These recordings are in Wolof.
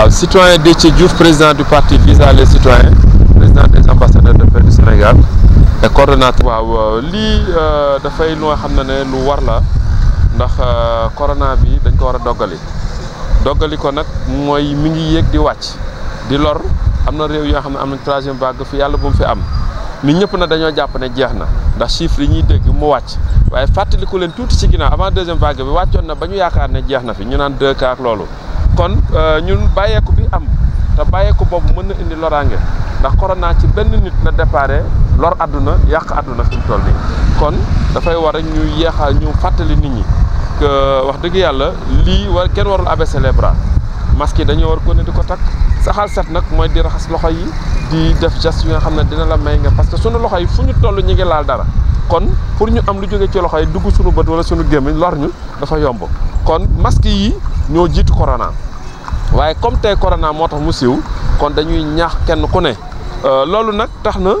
waaw citoyen ci Diouf président du parti Visa les citoyens président des ambassadeurs de paix du Sénégal et coordonnateur. waaw euh, lii euh, dafay lu xam ne ne lu war la ndax euh, corona bi dañ ko war a doggali doggali ko nag mooy mu ngi yéeg di wàcc di lor am na réew yoo xam ne am na troisième vague fi yàlla bu mu fi am nit ñëpp na dañoo jàpp ne jeex na ndax chiffres yi ñuy dégg mu wàcc waaye fàttaliku leen tuuti ci ginnaaw avant deuxième vague bi wàccoon na ba ñu yaakaar ne jeex na fi ñu naan deux cas loolu. kon euh, ñun bàyyeeku bi am te bàyyeeku boobu mën na indi loraange ndax corona ci benn nit la déparé lor àdduna yàq àdduna fi mu toll nii kon dafay war a ñu yeexa ñu fàttali nit ñi que euh, wax dëgg yàlla lii war kenn warul abaisser les bras masque yi dañoo war ko ne di ko takk saxal set nag mooy di raxas loxo yi di def geste yi nga xam ne dina la may nga parce que suñu loxo yi fu ñu toll ñu ngi laal dara kon pour ñu am lu jóge ci loxo yi dugg suñu bët wala suñu gémmiñ lor ñu dafa yomb kon masque yi ñoo jiitu corona waaye comme tey corona moo tax mu siiw kon dañuy ñaax kenn ku ne euh, loolu nag tax na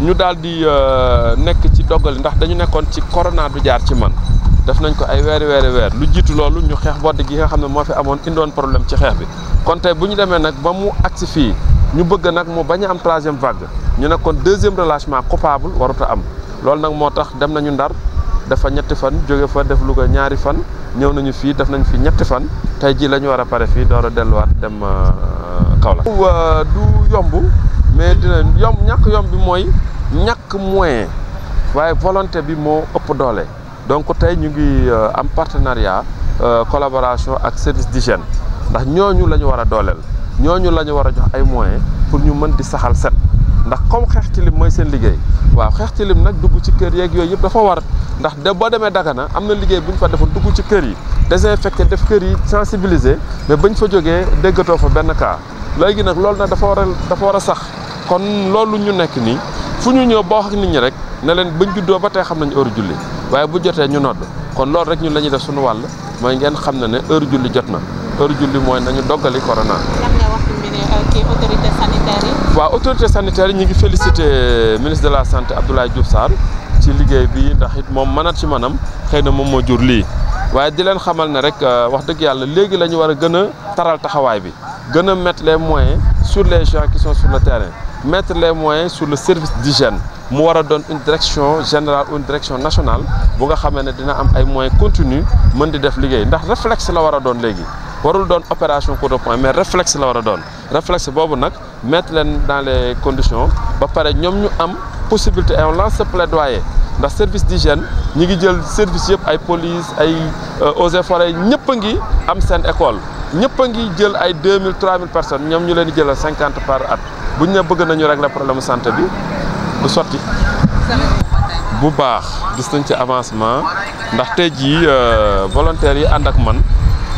ñu daal di euh, nekk ci doggali ndax dañu nekkoon ci corona du jaar ci man def nañ ko ay weeri weeri weer lu jiitu loolu ñu xeex bodd gi nga xam ne moo fi amoon indoon problème ci xeex bi kon tey bu ñu demee nag ba mu agsi fii ñu bëgg nag mu bañ am troisième vague ñu nekkoon deuxième relâchement coupable waruta am loolu nag moo tax dem nañu ndar dafa ñetti fan jóge fa def Louga ñaari fan ñëw nañu fii def nañu fi ñetti fan tey jii la ñu war a pare fii door a delluwaat dem euh, la euh, du yomb mais dina yomb ñàkk yomb bi mooy ñàkk moyen waaye volonté bi moo ëpp doole donc tey ñu ngi euh, am partenariat collaboration ak service d'hygiène ndax ñooñu la ñu war a dooleel ñooñu la ñu war a jox ay moyens pour ñu mën di saxal set ndax kow xeex tilim mooy seen liggéey waaw xeex tilim nag dugg ci kër yeeg yooyu yëpp dafa war ndax de boo demee na am na liggéey bu ñu fa defoon dugg ci kër yi désinfecté def kër yi sensibiliser mais bañ fa jógee déggatoo fa benn cas léegi nag loolu nag dafa war a dafa war a sax kon loolu ñu nekk nii fu ñu ñëw boo wax nit ñi rek ne leen bañ juddoo ba tey xam nañ heure julli waaye bu jotee ñu nodd kon loolu rek ñun la ñuy def suñu wàll mooy ngeen xam na ne heure julli jot na heure julli mooy nañu doggali corona. Euh, autorité sanitaire yi. waaw autorité sanitaire yi ñu ngi félicité euh, de la santé Abdoulaye Diouf Sarr. ci liggéey bi ndax it moom mënat ci manam xëy na moom moo jur lii waaye di leen xamal na rek euh, wax dëgg yàlla léegi la ñu war a gën a taral taxawaay bi gën a mettre les moyens sur les gens qui sont sur le terrain mettre les moyens sur le service di d'hygiène mu war a doon une direction générale une direction national bu nga xamee ne dina am ay moyens continu mën di def liggéey ndax réflexe la war a doon léegi warul doon opération coup de poing mais réflexe la war a doon réflexe possibilité et on lance plaidoyer ndax service d'hygiène ñi ngi jël service yëpp ay police ay euh, eaux et forêts ñëpp a ngi am seen école ñëpp a ngi jël ay 2000 3000 personnes ñoom ñu leen di jëlal par at bu ñu ne bëgg nañu régler problème santé bi du sotti. bu baax gis nañ ci avancement ndax tey jii euh, volontaires yi ànd ak man.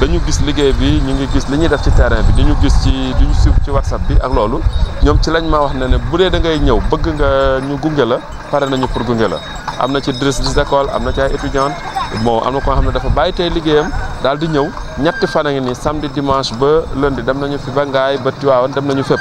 dañu gis liggéey bi ñu ngi gis li ñuy def ci terrain bi di ñu gis ci di ñu suivre ci whatsapp bi ak loolu ñoom ci lañ ma wax na ne bu dee da ngay ñëw bëgg nga ñu gunge la pare nañu pour gunge la am na ci dis d'école am na ci ay étudiante bon am na koo xam ne dafa bàyyi tey liggéeyam daal di ñëw ñetti fan a ngi nii samedi dimanche ba lundi dem nañu fi ba Ngaay ba Tiwaawan dem nañu fépp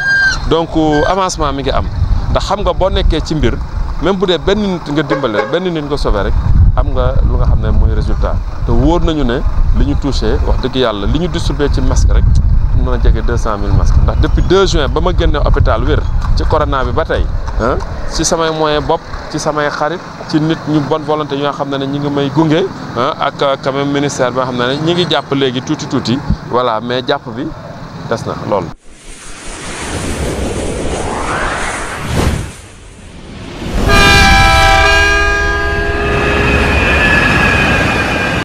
donc euh, avancement mi ngi am ndax xam nga boo nekkee ci mbir même bu dee benn nit nga dimbale benn nit nga sauvé rek am nga lu nga xam ne mooy résultat te wóor nañu ne li ñu touché wax dëgg yàlla li ñu distribué ci masque rek mën a jege deux cent mille masques ndax depuis deux juin ba ma génnee hôpital wér ci corona bi ba tey ah ci samay moyen bopp ci samay xarit ci nit ñu bonne volonté ñoo xam ne ne ñu ngi may gunge ak euh, quand ministère bi xam ne ne ñu ngi jàpp léegi tuuti tuuti voilà mais jàpp bi des na lool